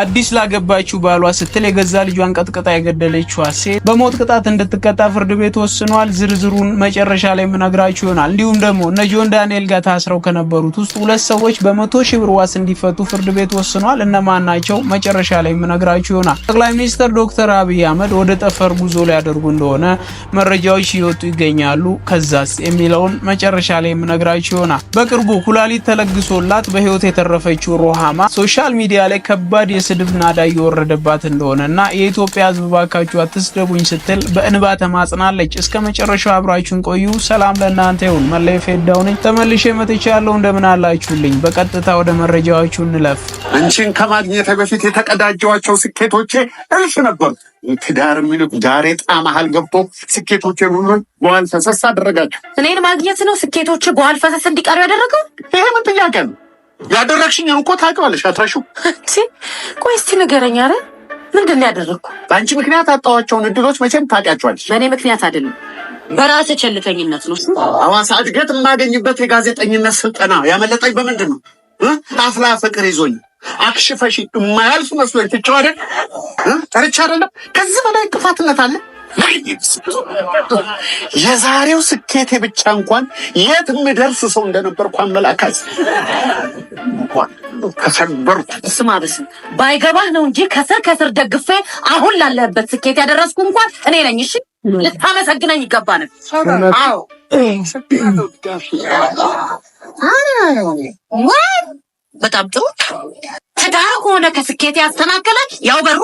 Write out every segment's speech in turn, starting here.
አዲስ ላገባችው ባሏ ስትል የገዛ ልጇን ቀጥቅጣ የገደለችዋ ሴት በሞት ቅጣት እንድትቀጣ ፍርድ ቤት ወስኗል። ዝርዝሩን መጨረሻ ላይ የምነግራችሁ ይሆናል። እንዲሁም ደግሞ እነ ጆን ዳንኤል ጋር ታስረው ከነበሩት ውስጥ ሁለት ሰዎች በመቶ ሺህ ብር ዋስ እንዲፈቱ ፍርድ ቤት ወስኗል። እነማን ናቸው? መጨረሻ ላይ የምነግራችሁ ይሆናል። ጠቅላይ ሚኒስትር ዶክተር አብይ አህመድ ወደ ጠፈር ጉዞ ሊያደርጉ እንደሆነ መረጃዎች እየወጡ ይገኛሉ። ከዛስ የሚለውን መጨረሻ ላይ የምነግራችሁ ይሆናል። በቅርቡ ኩላሊት ተለግሶላት በህይወት የተረፈችው ሮሃማ ሶሻል ሚዲያ ላይ ከባድ የስድብ ናዳ እየወረደባት እንደሆነና የኢትዮጵያ ህዝብ ባካችሁ አትስደቡኝ ስትል በእንባ ተማጽናለች። እስከ መጨረሻው አብራችሁን ቆዩ። ሰላም ለእናንተ ይሁን። መለይ ፌዳው ተመልሼ መጥቻለሁ። እንደምን አላችሁልኝ? በቀጥታ ወደ መረጃዎቹ እንለፍ። አንቺን ከማግኘት በፊት የተቀዳጀዋቸው ስኬቶቼ እልፍ ነበር። ትዳር የሚሉ ዳሬ ጣመሃል ገብቶ ስኬቶች የሚሆን በዋል ፈሰስ አደረጋቸው። እኔን ማግኘት ነው ስኬቶች በዋል ፈሰስ እንዲቀሩ ያደረገው። ይሄ ምን ጥያቄ ነው? ያደረግሽኝ እኮ ታውቂዋለሽ። አትረሺው። ቆይ እስቲ ንገረኝ። አረ ምንድን ነው ያደረግኩ? በአንቺ ምክንያት አጣኋቸውን እድሎች መቼም ታውቂያቸዋለሽ። በእኔ ምክንያት አይደለም፣ በራሴ ቸልተኝነት ነው። ሐዋሳ እድገት የማገኝበት የጋዜጠኝነት ስልጠና ያመለጠኝ በምንድን ነው? አፍላ ፍቅር ይዞኝ አክሽፈሽ የማያልፍ መስሎኝ ትቼው አይደል ጠርቻ አይደለም። ከዚህ በላይ ክፋትነት አለ? የዛሬው ስኬቴ ብቻ እንኳን የት ምደርስ ሰው እንደነበርኩ አመላካች ተሰበርኩ። ስማ ብስም ባይገባህ ነው እንጂ ከስር ከስር ደግፌ አሁን ላለህበት ስኬት ያደረስኩ እንኳን እኔ ነኝ። እሺ ልታመሰግነኝ ይገባ ነው። በጣም ጥሩ ትዳር ከሆነ ከስኬት ያስተናገለ ያው በሩ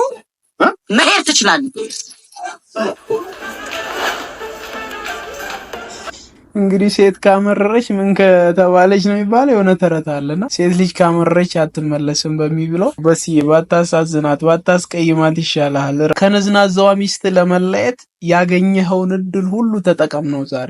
መሄድ ትችላለህ። እንግዲህ ሴት ካመረረች ምን ከተባለች ነው የሚባለው። የሆነ ተረት አለና ሴት ልጅ ካመረረች አትመለስም በሚብለው በስዬ ባታሳዝናት፣ ባታስቀይማት ይሻልሃል። ከነዝናዛዋ ሚስት ለመለየት ያገኘኸውን እድል ሁሉ ተጠቀም ነው ዛሬ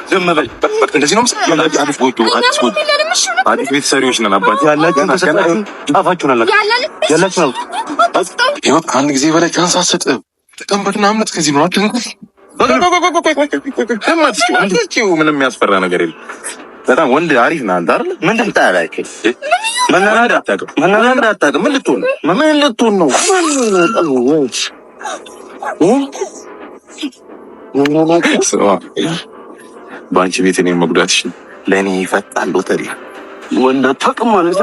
ዝም በይ። አንድ ጊዜ በላይ ቻንስ አትሰጥም። ጠንበትና እምነት ከዚህ ነው። ምንም የሚያስፈራ ነገር የለም። በጣም ወንድ አሪፍ ነህ አንተ አይደል? ምን ልታላችሁ መናናድ አታውቅም፣ መናናድ አታውቅም። ምን ልትሆን ነው? ምን ልትሆን ነው? ምን በአንቺ ቤት እኔን መጉዳትሽ ለእኔ ይፈጣል ሎተሪ ወንድ አታውቅም ማለት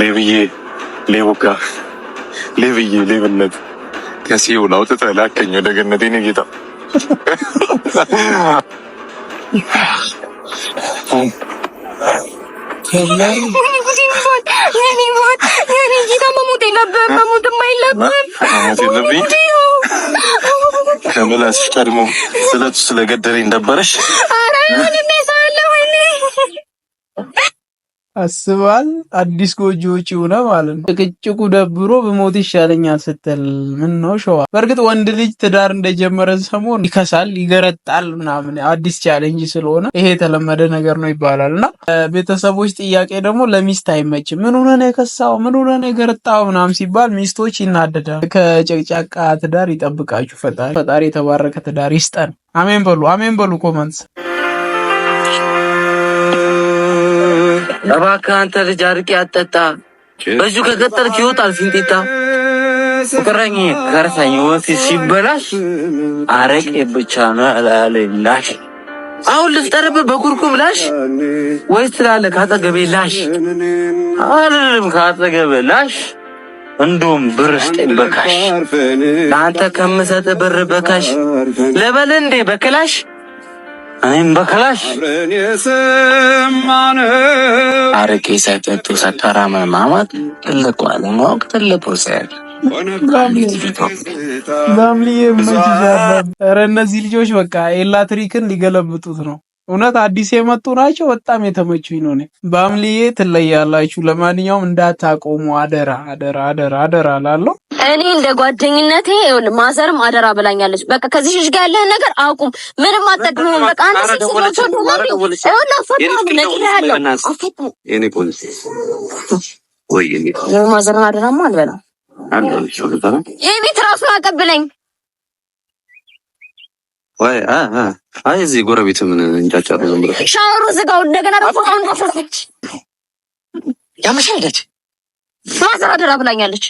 ሌብዬ ሌቡካ ሌብዬ ሌብነት ከሲሆን አውጥተህ ላከኝ ወደ ገነት የኔ ጌታ ጌታ መሞት የለብህም። መሞትማ የለብህም። ከምላስሽ ቀድሞ ስለቱ ስለገደለኝ ነበረሽ። አስባል አዲስ ጎጆዎች ሆነ ማለት ነው። ጭቅጭቁ ደብሮ በሞት ይሻለኛል ስትል ምን ነው ሸዋ። በእርግጥ ወንድ ልጅ ትዳር እንደጀመረ ሰሞን ይከሳል፣ ይገረጣል፣ ምናምን አዲስ ቻሌንጅ ስለሆነ ይሄ የተለመደ ነገር ነው ይባላል እና ቤተሰቦች ጥያቄ ደግሞ ለሚስት አይመችም። ምን ሆነ ነው የከሳው? ምን ሆነ ነው የገረጣው? ምናምን ሲባል ሚስቶች ይናደዳል። ከጨቅጫቃ ትዳር ይጠብቃችሁ ፈጣሪ። ፈጣሪ የተባረከ ትዳር ይስጠን። አሜን በሉ፣ አሜን በሉ ኮመንት እባክህ አንተ ልጅ አርቄ አጠጣ። በዚሁ ከቀጠልክ ይወጣል ፊንጢጣ። ፍቅረኝ ከርሳኝ ወፊ ሲበላሽ አረቄ ብቻ ነው ላሽ። አሁን ልፍጠርብህ በኩርኩም ላሽ ወይስ ትላለህ ካጠገቤ ላሽ? አልልም ካጠገቤ ላሽ እንዶም ብር ስጠኝ በካሽ ለአንተ ከምሰጥ ብር በካሽ ለበል እንዴ በክላሽ እኔም በክላሽ አረቄ ሳይጠጡ ሰካራምን ማማት ትልቁ አለማወቅ ትልቁ ስዕል። ኧረ እነዚህ ልጆች በቃ ኤላትሪክን ሊገለብጡት ነው። እውነት አዲስ የመጡ ናቸው። በጣም የተመቹኝ ነው። እኔ በአምልዬ ትለያላችሁ። ለማንኛውም እንዳታቆሙ አደራ፣ አደራ፣ አደራ፣ አደራ ላለው እኔ እንደ ጓደኝነቴ ማዘርም አደራ ብላኛለች። በቃ ከዚህ ልጅ ጋር ያለህን ነገር አቁም፣ ምንም አጠቅምም። በቃ አንተ ማዘርን አደራማ አልበላም። ቤት ራሱ አቀብለኝ። አይ እዚህ ጎረቤት ምን እንጫጫ ሻወሩ ዝጋው። እንደገና ያመሻ ሄደች። ማዘር አደራ ብላኛለች።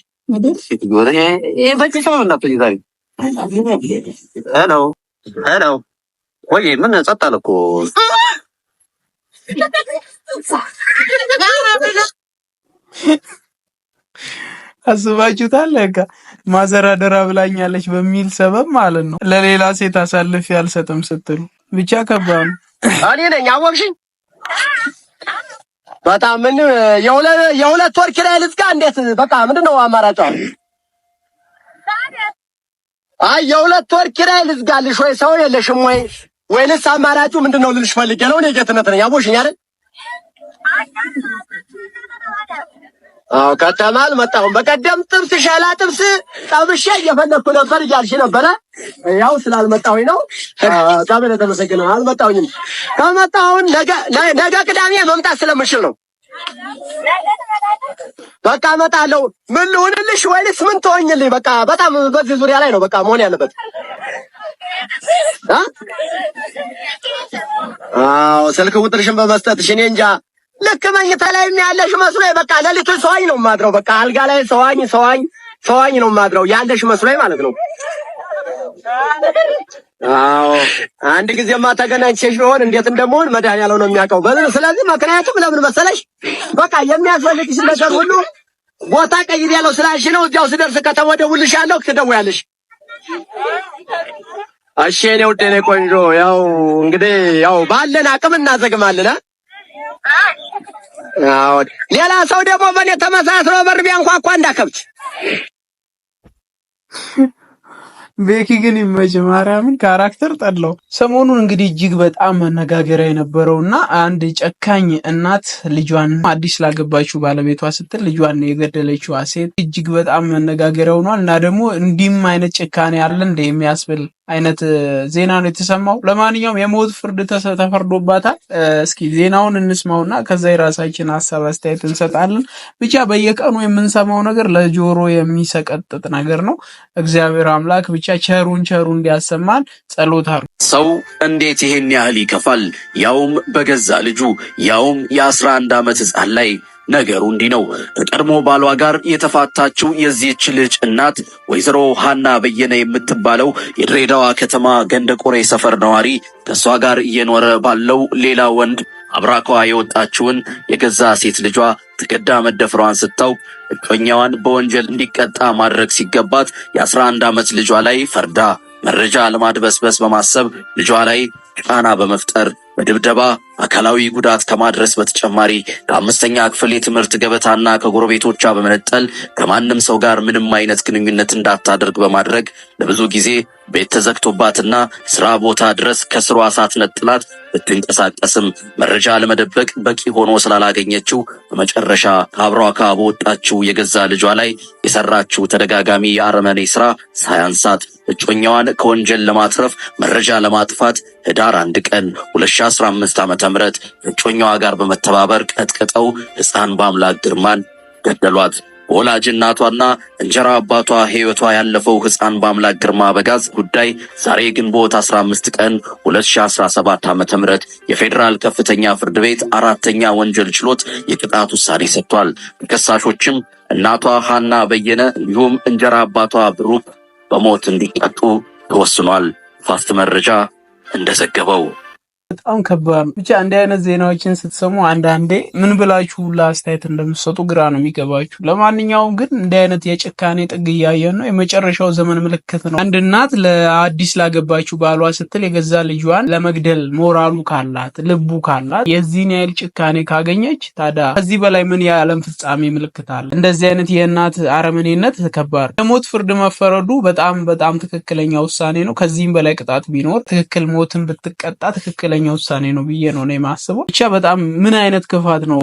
ቆይ ምን ጸጥ አለ እኮ አስባችሁታል? ማዘር አደራ ብላኛለች በሚል ሰበብ ማለት ነው። ለሌላ ሴት አሳልፌ አልሰጥም ስትሉ ብቻ ከባድ ነው። እኔ ነኝ አወቅሽኝ። በጣም ምን የሁለት ወር ኪራይ ልዝጋ? እንዴት በቃ ምንድን ነው አማራጫ? አይ የሁለት ወር ኪራይ ልዝጋልሽ ወይ ሰው የለሽም ወይ ወይንስ አማራጩ ምንድን ነው ልልሽ ፈልጌ ነው። እኔ ጌትነት ነኝ፣ ያቦሽኝ አይደል? ከተማ አልመጣሁም። በቀደም ጥብስ ሸላ ጥብስ ጠብሼ እየፈለግኩ ነበር እያልሽ ነበረ። ያው ስላልመጣሁኝ ነው። በጣም የተመሰገነ አልመጣሁኝም። ከመጣሁን ነገ ቅዳሜ መምጣት ስለምችል ነው። በቃ እመጣለሁ። ምን ልሁንልሽ ወይስ ምን ትሆኝልኝ? በቃ በጣም በዚህ ዙሪያ ላይ ነው በቃ መሆን ያለበት። አዎ ስልክ ቁጥርሽን በመስጠትሽ እኔ እንጃ ልክ መኝታ ላይ ያለሽ መስሎኝ በቃ ሌሊቱ ሰዋኝ ነው ማድረው። በቃ አልጋ ላይ ሰዋኝ ሰዋኝ ሰዋኝ ነው ማድረው ያለሽ መስሎኝ ማለት ነው። አዎ አንድ ጊዜማ ተገናኝቼሽ ቢሆን እንዴት እንደመሆን መድኃኒዓለም ነው የሚያውቀው። ስለዚህ ምክንያቱም ለምን መሰለሽ በቃ የሚያስፈልግሽ ነገር ሁሉ ቦታ ቀይር ያለው ስላልሽ ነው። እዚያው ስደርስ ከተወደውልሻለሁ፣ ትደውያለሽ። እሺ የኔ ውድ የኔ ቆንጆ፣ ያው እንግዲህ ያው ባለን አቅም እናዘግማለን። ሌላ ሰው ደግሞ በእኔ ተመሳስሎ በር ቢያንኳኳ እንዳከብች። ቤኪ ግን ይመች ማርያምን ካራክተር ጠለው። ሰሞኑን እንግዲህ እጅግ በጣም መነጋገሪያ የነበረው እና አንድ ጨካኝ እናት ልጇን አዲስ ላገባችው ባለቤቷ ስትል ልጇን የገደለችው ሴት እጅግ በጣም መነጋገሪያ ሆኗል እና ደግሞ እንዲህም አይነት ጭካኔ አለ እንደ የሚያስብል አይነት ዜና ነው የተሰማው። ለማንኛውም የሞት ፍርድ ተፈርዶባታል። እስኪ ዜናውን እንስማውና ከዛ የራሳችን ሀሳብ አስተያየት እንሰጣለን። ብቻ በየቀኑ የምንሰማው ነገር ለጆሮ የሚሰቀጥጥ ነገር ነው። እግዚአብሔር አምላክ ብቻ ቸሩን ቸሩ እንዲያሰማን ጸሎታ ነው። ሰው እንዴት ይሄን ያህል ይከፋል? ያውም በገዛ ልጁ ያውም የአስራ አንድ ዓመት ህፃን ላይ ነገሩ እንዲህ ነው። ከቀድሞ ባሏ ጋር የተፋታችው የዚህች ልጅ እናት ወይዘሮ ሃና በየነ የምትባለው የድሬዳዋ ከተማ ገንደቆሬ ሰፈር ነዋሪ ከእሷ ጋር እየኖረ ባለው ሌላ ወንድ አብራኳ የወጣችውን የገዛ ሴት ልጇ ተገዳ መደፈሯን ስታውቅ እጮኛዋን በወንጀል እንዲቀጣ ማድረግ ሲገባት የ11 ዓመት ልጇ ላይ ፈርዳ መረጃ ለማድበስበስ በማሰብ ልጇ ላይ ጫና በመፍጠር በድብደባ አካላዊ ጉዳት ከማድረስ በተጨማሪ ከአምስተኛ ክፍል የትምህርት ገበታና ከጎረቤቶቿ በመነጠል ከማንም ሰው ጋር ምንም አይነት ግንኙነት እንዳታደርግ በማድረግ ለብዙ ጊዜ ቤት ተዘግቶባትና ስራ ቦታ ድረስ ከስሯ ሳትነጥላት ብትንቀሳቀስም መረጃ ለመደበቅ በቂ ሆኖ ስላላገኘችው በመጨረሻ ከአብሯ በወጣችው የገዛ ልጇ ላይ የሰራችው ተደጋጋሚ የአረመኔ ስራ ሳያንሳት እጮኛዋን ከወንጀል ለማትረፍ መረጃ ለማጥፋት ህዳር አንድ ቀን 2015 ዓ ም ከእጮኛዋ ጋር በመተባበር ቀጥቅጠው ሕፃን በአምላክ ግርማን ገደሏት። ወላጅ እናቷና እንጀራ አባቷ ሕይወቷ ያለፈው ሕፃን በአምላክ ግርማ በጋዝ ጉዳይ ዛሬ ግንቦት 15 ቀን 2017 ዓ ም የፌዴራል ከፍተኛ ፍርድ ቤት አራተኛ ወንጀል ችሎት የቅጣት ውሳኔ ሰጥቷል። ተከሳሾችም እናቷ ሃና በየነ እንዲሁም እንጀራ አባቷ ብሩክ በሞት እንዲቀጡ ተወስኗል። ፋስት መረጃ እንደዘገበው በጣም ከባድ ነው። ብቻ እንዲህ አይነት ዜናዎችን ስትሰሙ አንዳንዴ ምን ብላችሁ ለአስተያየት እንደምትሰጡ ግራ ነው የሚገባችሁ። ለማንኛውም ግን እንዲህ አይነት የጭካኔ ጥግ እያየን ነው። የመጨረሻው ዘመን ምልክት ነው። አንድ እናት ለአዲስ ላገባችሁ ባሏ ስትል የገዛ ልጇን ለመግደል ሞራሉ ካላት ልቡ ካላት የዚህን ያህል ጭካኔ ካገኘች ታዲያ ከዚህ በላይ ምን የዓለም ፍጻሜ ምልክት አለ? እንደዚህ አይነት የእናት አረመኔነት ከባድ። የሞት ፍርድ መፈረዱ በጣም በጣም ትክክለኛ ውሳኔ ነው። ከዚህም በላይ ቅጣት ቢኖር ትክክል ሞትን ብትቀጣ ትክክለኛ ትክክለኛ ውሳኔ ነው ብዬ ነው የማስበው። ብቻ በጣም ምን አይነት ክፋት ነው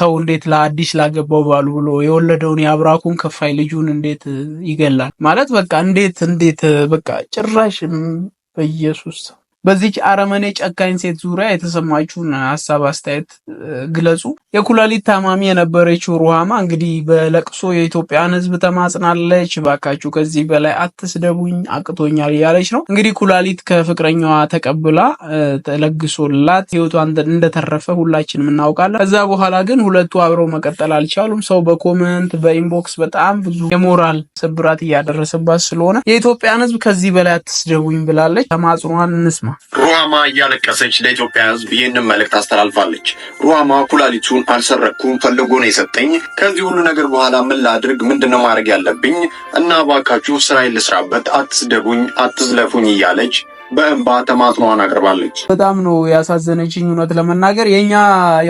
ሰው እንዴት ለአዲስ ላገባው ባሉ ብሎ የወለደውን የአብራኩን ከፋይ ልጁን እንዴት ይገላል ማለት በቃ እንዴት እንዴት በቃ ጭራሽ በኢየሱስ በዚች አረመኔ ጨካኝ ሴት ዙሪያ የተሰማችሁን ሀሳብ አስተያየት ግለጹ። የኩላሊት ታማሚ የነበረችው ሩሃማ እንግዲህ በለቅሶ የኢትዮጵያን ሕዝብ ተማጽናለች። ባካችሁ ከዚህ በላይ አትስደቡኝ አቅቶኛል እያለች ነው እንግዲህ ኩላሊት ከፍቅረኛዋ ተቀብላ ተለግሶላት ህይወቷ እንደተረፈ ሁላችንም እናውቃለን። ከዛ በኋላ ግን ሁለቱ አብረው መቀጠል አልቻሉም። ሰው በኮመንት በኢንቦክስ በጣም ብዙ የሞራል ስብራት እያደረሰባት ስለሆነ የኢትዮጵያን ሕዝብ ከዚህ በላይ አትስደቡኝ ብላለች። ተማጽኗን እንስማ። ሩሃማ እያለቀሰች ለኢትዮጵያ ህዝብ ይህንን መልእክት አስተላልፋለች። ሩሃማ ኩላሊቱን አልሰረኩም፣ ፈልጎ ነው የሰጠኝ። ከዚህ ሁሉ ነገር በኋላ ምን ላድርግ? ምንድነው ማድረግ ያለብኝ? እና ባካችሁ ስራዬን ልስራበት፣ አትስደቡኝ፣ አትዝለፉኝ እያለች በእንባ ተማጽኗን አቅርባለች። በጣም ነው ያሳዘነችኝ እውነት ለመናገር የኛ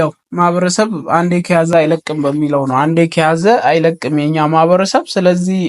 ያው ማህበረሰብ አንዴ ከያዘ አይለቅም በሚለው ነው። አንዴ ከያዘ አይለቅም የኛ ማህበረሰብ። ስለዚህ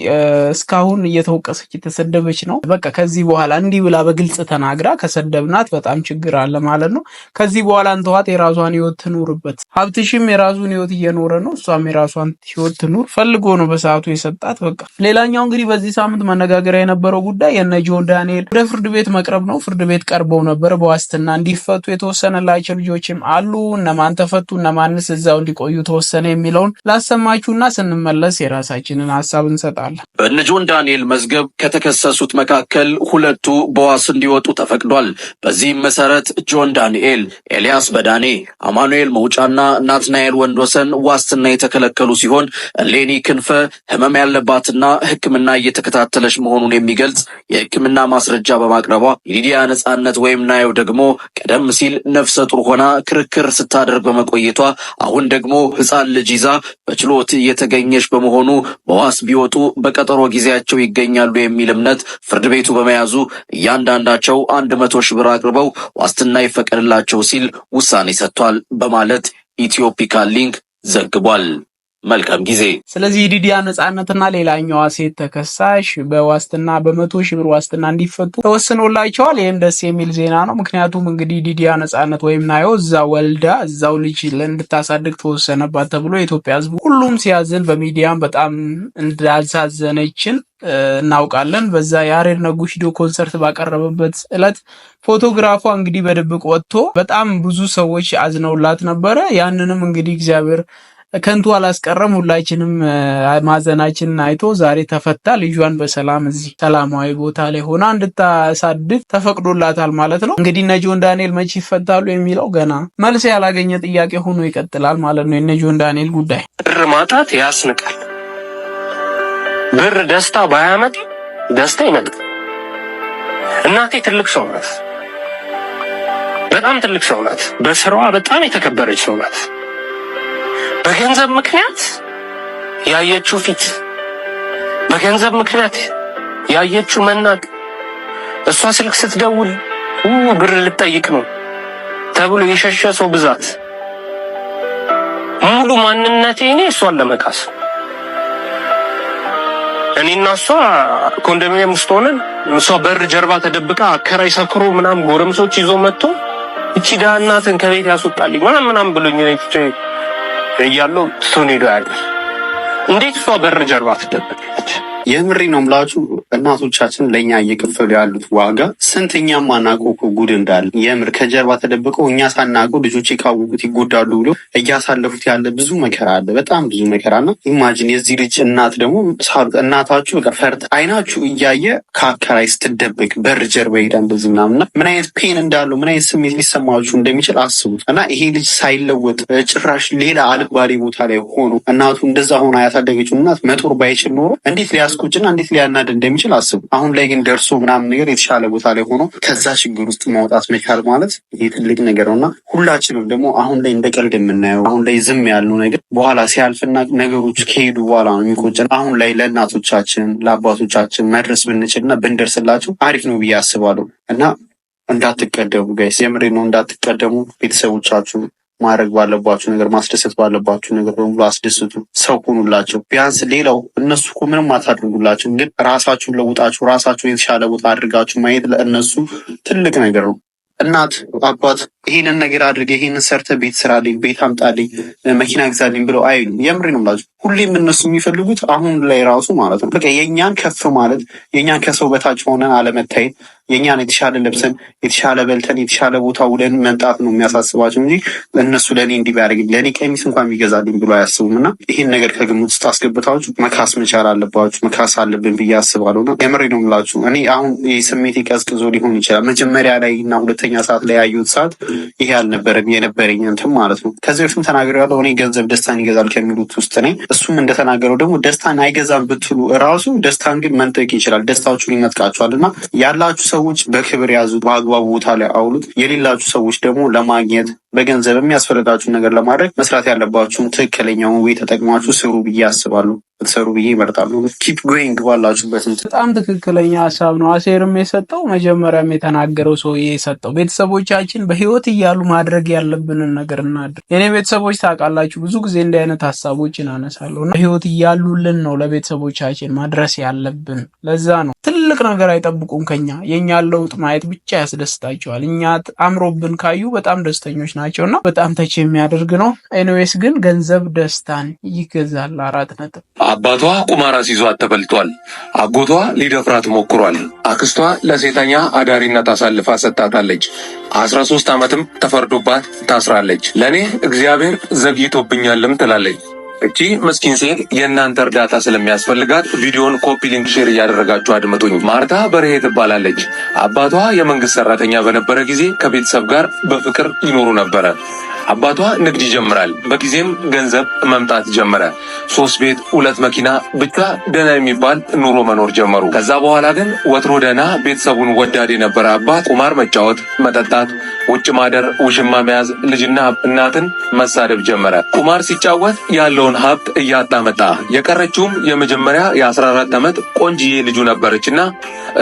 እስካሁን እየተወቀሰች የተሰደበች ነው። በቃ ከዚህ በኋላ እንዲህ ብላ በግልጽ ተናግራ ከሰደብናት በጣም ችግር አለ ማለት ነው። ከዚህ በኋላ እንተዋት፣ የራሷን ህይወት ትኑርበት። ሀብትሽም የራሱን ህይወት እየኖረ ነው፣ እሷም የራሷን ህይወት ትኑር። ፈልጎ ነው በሰዓቱ የሰጣት። በቃ ሌላኛው እንግዲህ በዚህ ሳምንት መነጋገሪያ የነበረው ጉዳይ የነ ጆን ዳንኤል ወደ ፍርድ ቤት መቅረብ ነው። ፍርድ ቤት ቀርበው ነበር በዋስትና እንዲፈቱ የተወሰነላቸው ልጆችም አሉ። እነማን ተፈቱ እነማንስ እዛው እንዲቆዩ ተወሰነ የሚለውን ላሰማችሁና ስንመለስ የራሳችንን ሀሳብ እንሰጣለን። በእነ ጆን ዳንኤል መዝገብ ከተከሰሱት መካከል ሁለቱ በዋስ እንዲወጡ ተፈቅዷል። በዚህም መሰረት ጆን ዳንኤል፣ ኤልያስ በዳኔ፣ አማኑኤል መውጫና ናትናኤል ወንዶሰን ዋስትና የተከለከሉ ሲሆን እሌኒ ክንፈ ህመም ያለባትና ሕክምና እየተከታተለች መሆኑን የሚገልጽ የሕክምና ማስረጃ በማቅረቧ ሊዲያ ነጻነት ወይም ናየው ደግሞ ቀደም ሲል ነፍሰ ጡር ሆና ክርክር ስታደርግ በመቆ መቆየቷ አሁን ደግሞ ህፃን ልጅ ይዛ በችሎት እየተገኘች በመሆኑ በዋስ ቢወጡ በቀጠሮ ጊዜያቸው ይገኛሉ የሚል እምነት ፍርድ ቤቱ በመያዙ እያንዳንዳቸው አንድ መቶ ሺህ ብር አቅርበው ዋስትና ይፈቀድላቸው ሲል ውሳኔ ሰጥቷል በማለት ኢትዮፒካ ሊንክ ዘግቧል። መልካም ጊዜ። ስለዚህ ዲዲያ ነጻነትና ሌላኛዋ ሴት ተከሳሽ በዋስትና በመቶ ሺህ ብር ዋስትና እንዲፈቱ ተወስኖላቸዋል። ይህም ደስ የሚል ዜና ነው። ምክንያቱም እንግዲህ ዲዲያ ነጻነት ወይም ናየው እዛ ወልዳ እዛው ልጅ እንድታሳድግ ተወሰነባት ተብሎ የኢትዮጵያ ሕዝቡ ሁሉም ሲያዝን በሚዲያም በጣም እንዳልሳዘነችን እናውቃለን። በዛ የአሬድ ነጉ ሂዶ ኮንሰርት ባቀረበበት እለት ፎቶግራፏ እንግዲህ በድብቅ ወጥቶ በጣም ብዙ ሰዎች አዝነውላት ነበረ። ያንንም እንግዲህ እግዚአብሔር ከንቱ አላስቀረም። ሁላችንም ማዘናችንን አይቶ ዛሬ ተፈታ። ልጇን በሰላም እዚህ ሰላማዊ ቦታ ላይ ሆና እንድታሳድግ ተፈቅዶላታል ማለት ነው። እንግዲህ እነ ጆን ዳንኤል መቼ ይፈታሉ የሚለው ገና መልስ ያላገኘ ጥያቄ ሆኖ ይቀጥላል ማለት ነው። የነ ጆን ዳንኤል ጉዳይ ብር ማጣት ያስንቃል። ብር ደስታ ባያመጥ ደስታ ይነግጣል። እናቴ ትልቅ ሰው ናት። በጣም ትልቅ ሰው ናት። በስራዋ በጣም የተከበረች ሰው ናት። በገንዘብ ምክንያት ያየችው ፊት፣ በገንዘብ ምክንያት ያየችው መናቅ፣ እሷ ስልክ ስትደውል ብር ልጠይቅ ነው ተብሎ የሸሸ ሰው ብዛት፣ ሙሉ ማንነቴ እኔ እሷን ለመካስ እኔና እሷ ኮንዶሚኒየም ውስጥ ሆነን እሷ በር ጀርባ ተደብቃ አከራይ ሰክሮ ምናምን ጎረምሶች ይዞ መጥቶ እቺ ድሃ እናትን ከቤት ያስወጣልኝ ምናምን ምናምን ብሎኝ እያሉ እሱን ሄዶ ያለ እንዴት እሷ በር ጀርባ ትደበቀች? የምሪ ነው ምላችሁ እናቶቻችን ለእኛ እየከፈሉ ያሉት ዋጋ ስንት እኛም እኮ ጉድ እንዳለ የምር ከጀርባ ተደብቀው እኛ ሳናውቀው ልጆች ካወቁት ይጎዳሉ ብሎ እያሳለፉት ያለ ብዙ መከራ አለ። በጣም ብዙ መከራ ና ኢማጂን የዚህ ልጅ እናት ደግሞ ሳሉት እናታችሁ ፈርት አይናችሁ እያየ ከአከራይ ስትደብቅ በር ጀርባ ሄዳ እንደዚህ ምናምና ምን አይነት ፔን እንዳለው ምን አይነት ስሜት ሊሰማችሁ እንደሚችል አስቡት። እና ይሄ ልጅ ሳይለወጥ ጭራሽ ሌላ አልባሌ ቦታ ላይ ሆኖ እናቱ እንደዛ ሆና ያሳደገችው እናት መጦር ባይችል ኖሮ እንዴት ሊያስ ቁጭና እንዴት ሊያናድ እንደሚችል አስቡ። አሁን ላይ ግን ደርሶ ምናምን ነገር የተሻለ ቦታ ላይ ሆኖ ከዛ ችግር ውስጥ ማውጣት መቻል ማለት ይህ ትልቅ ነገር ነው እና ሁላችንም ደግሞ አሁን ላይ እንደ ቀልድ የምናየው አሁን ላይ ዝም ያሉ ነገር በኋላ ሲያልፍና ነገሮች ከሄዱ በኋላ ነው የሚቆጨን። አሁን ላይ ለእናቶቻችን ለአባቶቻችን መድረስ ብንችልና ብንደርስላቸው አሪፍ ነው ብዬ አስባለሁ እና እንዳትቀደሙ ጋይስ፣ የምሬ ነው። እንዳትቀደሙ ቤተሰቦቻችሁ ማድረግ ባለባችሁ ነገር ማስደሰት ባለባችሁ ነገር በሙሉ አስደስቱ። ሰው ሆኑላቸው። ቢያንስ ሌላው እነሱ እኮ ምንም አታድርጉላቸው፣ ግን ራሳችሁን ለውጣችሁ ራሳችሁን የተሻለ ቦታ አድርጋችሁ ማየት ለእነሱ ትልቅ ነገር ነው። እናት አባት ይህንን ነገር አድርገ ይህንን ሰርተ ቤት ስራልኝ፣ ቤት አምጣልኝ፣ መኪና ግዛልኝ ብለው አይ የምሬ ነው ላቸው። ሁሌም እነሱ የሚፈልጉት አሁን ላይ ራሱ ማለት ነው በቃ የእኛን ከፍ ማለት የእኛን ከሰው በታች ሆነን አለመታየት የእኛን የተሻለ ለብሰን የተሻለ በልተን የተሻለ ቦታ ውለን መምጣት ነው የሚያሳስባቸው እንጂ እነሱ ለእኔ እንዲህ ቢያደርግልኝ ለእኔ ቀሚስ እንኳን ቢገዛልኝ ብሎ አያስቡም። እና ይህን ነገር ከግምት ውስጥ አስገብታችሁ መካስ መቻል አለባችሁ። መካስ አለብን ብዬ አስባለሁ። ና የምሬ ነው የምላችሁ። እኔ አሁን የስሜት ቀዝቅዞ ሊሆን ይችላል። መጀመሪያ ላይ እና ሁለተኛ ሰዓት ላይ ያዩት ሰዓት ይሄ አልነበረም የነበረኝ እንትን ማለት ነው። ከዚህ በፊትም ተናግሬያለሁ። እኔ ገንዘብ ደስታን ይገዛል ከሚሉት ውስጥ ነኝ። እሱም እንደተናገረው ደግሞ ደስታን አይገዛም ብትሉ እራሱ ደስታን ግን መንጠቅ ይችላል። ደስታዎቹን ይመጥቃቸዋል እና ያላችሁ ሰዎች በክብር ያዙት፣ በአግባቡ ቦታ ላይ አውሉት። የሌላችሁ ሰዎች ደግሞ ለማግኘት በገንዘብ የሚያስፈልጋችሁን ነገር ለማድረግ መስራት ያለባችሁን ትክክለኛውን ወይ ተጠቅማችሁ ስሩ ብዬ አስባለሁ። ብትሰሩ ብዬ ይመርጣሉ። ኪፕ ጎይንግ ባላችሁበት። በጣም ትክክለኛ ሀሳብ ነው አሴርም የሰጠው መጀመሪያም የተናገረው ሰውዬ የሰጠው። ቤተሰቦቻችን በህይወት እያሉ ማድረግ ያለብንን ነገር እናድርግ። እኔ ቤተሰቦች ታውቃላችሁ፣ ብዙ ጊዜ እንዲህ አይነት ሀሳቦችን አነሳለሁ በህይወት እያሉልን ነው ለቤተሰቦቻችን ማድረስ ያለብን። ለዛ ነው ትልቅ ነገር አይጠብቁም ከኛ የእኛን ለውጥ ማየት ብቻ ያስደስታቸዋል። እኛ አምሮብን ካዩ በጣም ደስተኞች ናቸው እና በጣም ተች የሚያደርግ ነው። ኤኒዌይስ ግን ገንዘብ ደስታን ይገዛል። አራት ነጥብ። አባቷ ቁማራ አስይዟት ተበልቷል። አጎቷ ሊደፍራት ሞክሯል። አክስቷ ለሴተኛ አዳሪነት አሳልፋ ሰጣታለች። አስራ ሶስት ዓመትም ተፈርዶባት ታስራለች። ለእኔ እግዚአብሔር ዘግይቶብኛልም ትላለች። እቺ ምስኪን ሴት የእናንተ እርዳታ ስለሚያስፈልጋት ቪዲዮን ኮፒ ሊንክ ሼር እያደረጋችሁ አድምጡኝ። ማርታ በርሄ ትባላለች። አባቷ የመንግስት ሰራተኛ በነበረ ጊዜ ከቤተሰብ ጋር በፍቅር ይኖሩ ነበረ። አባቷ ንግድ ይጀምራል። በጊዜም ገንዘብ መምጣት ጀመረ። ሶስት ቤት፣ ሁለት መኪና፣ ብቻ ደህና የሚባል ኑሮ መኖር ጀመሩ። ከዛ በኋላ ግን ወትሮ ደህና ቤተሰቡን ወዳድ የነበረ አባት ቁማር መጫወት፣ መጠጣት፣ ውጭ ማደር፣ ውሽማ መያዝ፣ ልጅና እናትን መሳደብ ጀመረ። ቁማር ሲጫወት ያለውን ሀብት እያጣ መጣ። የቀረችውም የመጀመሪያ የ14 ዓመት ቆንጅዬ ልጁ ነበረችና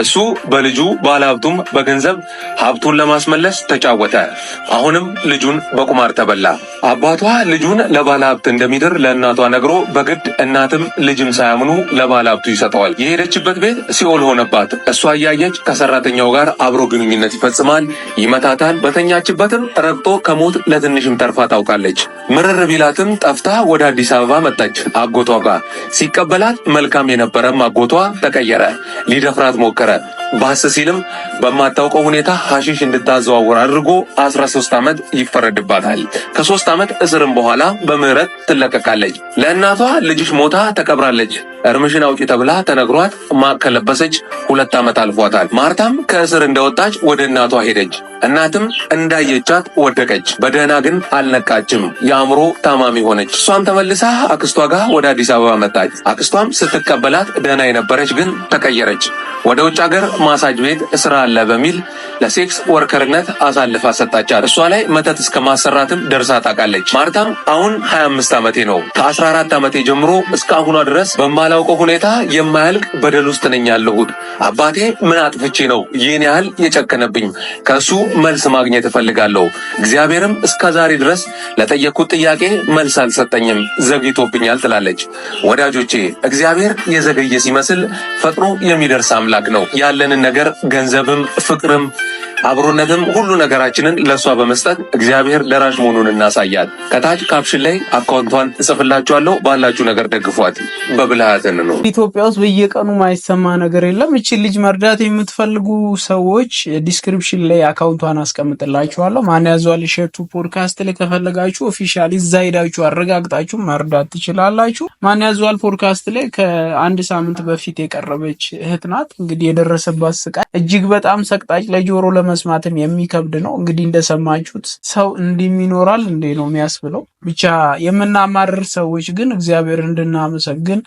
እሱ በልጁ ባለሀብቱም በገንዘብ ሀብቱን ለማስመለስ ተጫወተ። አሁንም ልጁን በቁማር ተበላ። አባቷ ልጁን ለባለሀብት እንደሚድር ለእናቷ ነግሮ በግድ እናትም ልጅም ሳያምኑ ለባለሀብቱ ይሰጠዋል። የሄደችበት ቤት ሲኦል ሆነባት። እሷ እያየች ከሰራተኛው ጋር አብሮ ግንኙነት ይፈጽማል፣ ይመታታል። በተኛችበትም ረግጦ ከሞት ለትንሽም ተርፋ ታውቃለች። ምርር ቢላትም ጠፍታ ወደ አዲስ አበባ መጣች አጎቷ ጋር። ሲቀበላት መልካም የነበረም አጎቷ ተቀየረ፣ ሊደፍራት ሞከረ። ባስ ሲልም በማታውቀው ሁኔታ ሐሺሽ እንድታዘዋውር አድርጎ 13 ዓመት ይፈረድባታል። ከሶስት ዓመት እስርም በኋላ በምህረት ትለቀቃለች። ለእናቷ ልጅሽ ሞታ ተቀብራለች እርምሽን አውጪ ተብላ ተነግሯት ማቅ ከለበሰች ሁለት ዓመት አልፏታል። ማርታም ከእስር እንደወጣች ወደ እናቷ ሄደች። እናትም እንዳየቻት ወደቀች። በደህና ግን አልነቃችም። የአእምሮ ታማሚ ሆነች። እሷም ተመልሳ አክስቷ ጋር ወደ አዲስ አበባ መጣች። አክስቷም ስትቀበላት ደህና የነበረች ግን ተቀየረች። ወደ ውጭ ሀገር ማሳጅ ቤት ስራ አለ በሚል ለሴክስ ወርከርነት አሳልፋ ሰጣቻት። እሷ ላይ መተት እስከ ማሰራት ውስጥም ደርሳ ታውቃለች። ማርታም አሁን 25 ዓመቴ ነው። ከ14 ዓመቴ ጀምሮ እስከ አሁኗ ድረስ በማላውቀው ሁኔታ የማያልቅ በደል ውስጥ ነኝ ያለሁት። አባቴ ምን አጥፍቼ ነው ይህን ያህል የጨከነብኝ? ከእሱ መልስ ማግኘት እፈልጋለሁ። እግዚአብሔርም እስከ ዛሬ ድረስ ለጠየቅኩት ጥያቄ መልስ አልሰጠኝም፣ ዘግይቶብኛል ትላለች። ወዳጆቼ እግዚአብሔር የዘገየ ሲመስል ፈጥኖ የሚደርስ አምላክ ነው። ያለንን ነገር ገንዘብም፣ ፍቅርም፣ አብሮነትም ሁሉ ነገራችንን ለእሷ በመስጠት እግዚአብሔር ደራሽ መሆኑን እናሳያል። ከታች ካፕሽን ላይ አካውንቷን እጽፍላችኋለሁ። ባላችሁ ነገር ደግፏት። በብልሃትን ነው ኢትዮጵያ ውስጥ በየቀኑ ማይሰማ ነገር የለም። እችን ልጅ መርዳት የምትፈልጉ ሰዎች ዲስክሪፕሽን ላይ አካውንቷን አስቀምጥላችኋለሁ። ማን ያዟል ሸቱ ፖድካስት ላይ ከፈለጋችሁ ኦፊሻሊ እዛ ሄዳችሁ አረጋግጣችሁ መርዳት ትችላላችሁ። ማን ያዟል ፖድካስት ላይ ከአንድ ሳምንት በፊት የቀረበች እህት ናት። እንግዲህ የደረሰባት ስቃይ እጅግ በጣም ሰቅጣጭ፣ ለጆሮ ለመስማትም የሚከብድ ነው። እንግዲህ እንደሰማችሁት ሰው እንዲሚኖ ይኖራል እንዴ ነው የሚያስብለው። ብቻ የምናማርር ሰዎች ግን እግዚአብሔር እንድናመሰግን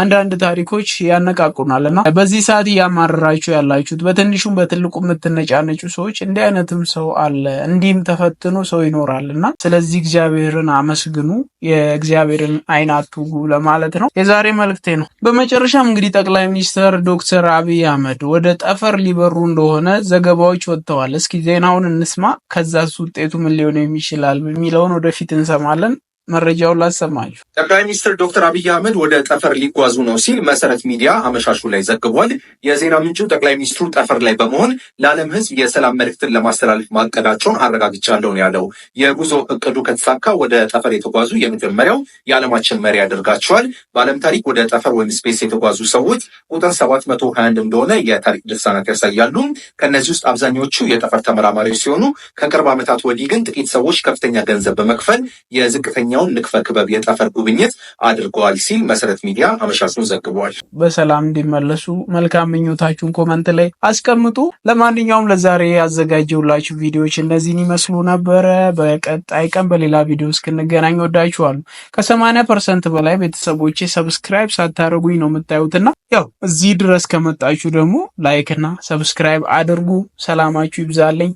አንዳንድ ታሪኮች ያነቃቁናል እና በዚህ ሰዓት እያማረራችሁ ያላችሁት በትንሹም በትልቁ የምትነጫነጩ ሰዎች እንዲህ አይነትም ሰው አለ፣ እንዲህም ተፈትኖ ሰው ይኖራል እና ስለዚህ እግዚአብሔርን አመስግኑ፣ የእግዚአብሔርን አይን አትጉ ለማለት ነው የዛሬ መልክቴ ነው። በመጨረሻም እንግዲህ ጠቅላይ ሚኒስትር ዶክተር አብይ አህመድ ወደ ጠፈር ሊበሩ እንደሆነ ዘገባዎች ወጥተዋል። እስኪ ዜናውን እንስማ፣ ከዛ ውጤቱ ምን ሊሆን የሚችላል ይችላል የሚለውን ወደፊት እንሰማለን። መረጃውን ላሰማችሁ። ጠቅላይ ሚኒስትር ዶክተር አብይ አህመድ ወደ ጠፈር ሊጓዙ ነው ሲል መሰረት ሚዲያ አመሻሹ ላይ ዘግቧል። የዜና ምንጩ ጠቅላይ ሚኒስትሩ ጠፈር ላይ በመሆን ለዓለም ሕዝብ የሰላም መልእክትን ለማስተላለፍ ማቀዳቸውን አረጋግጫለሁ ነው ያለው። የጉዞ እቅዱ ከተሳካ ወደ ጠፈር የተጓዙ የመጀመሪያው የዓለማችን መሪ ያደርጋቸዋል። በዓለም ታሪክ ወደ ጠፈር ወይም ስፔስ የተጓዙ ሰዎች ቁጥር 721 እንደሆነ የታሪክ ድርሳናት ያሳያሉ። ከእነዚህ ውስጥ አብዛኞቹ የጠፈር ተመራማሪዎች ሲሆኑ ከቅርብ ዓመታት ወዲህ ግን ጥቂት ሰዎች ከፍተኛ ገንዘብ በመክፈል የዝቅተኛ ሁለተኛውን ክበብ የጠፈር ጉብኝት አድርገዋል ሲል መሰረት ሚዲያ አመሻሹን ዘግቧል። በሰላም እንዲመለሱ መልካም ምኞታችሁን ኮመንት ላይ አስቀምጡ። ለማንኛውም ለዛሬ ያዘጋጀውላችሁ ቪዲዮዎች እነዚህን ይመስሉ ነበረ። በቀጣይ ቀን በሌላ ቪዲዮ እስክንገናኝ ወዳችኋሉ። ከሰማንያ ፐርሰንት በላይ ቤተሰቦቼ ሰብስክራይብ ሳታደርጉኝ ነው የምታዩትና ያው እዚህ ድረስ ከመጣችሁ ደግሞ ላይክና ሰብስክራይብ አድርጉ። ሰላማችሁ ይብዛለኝ።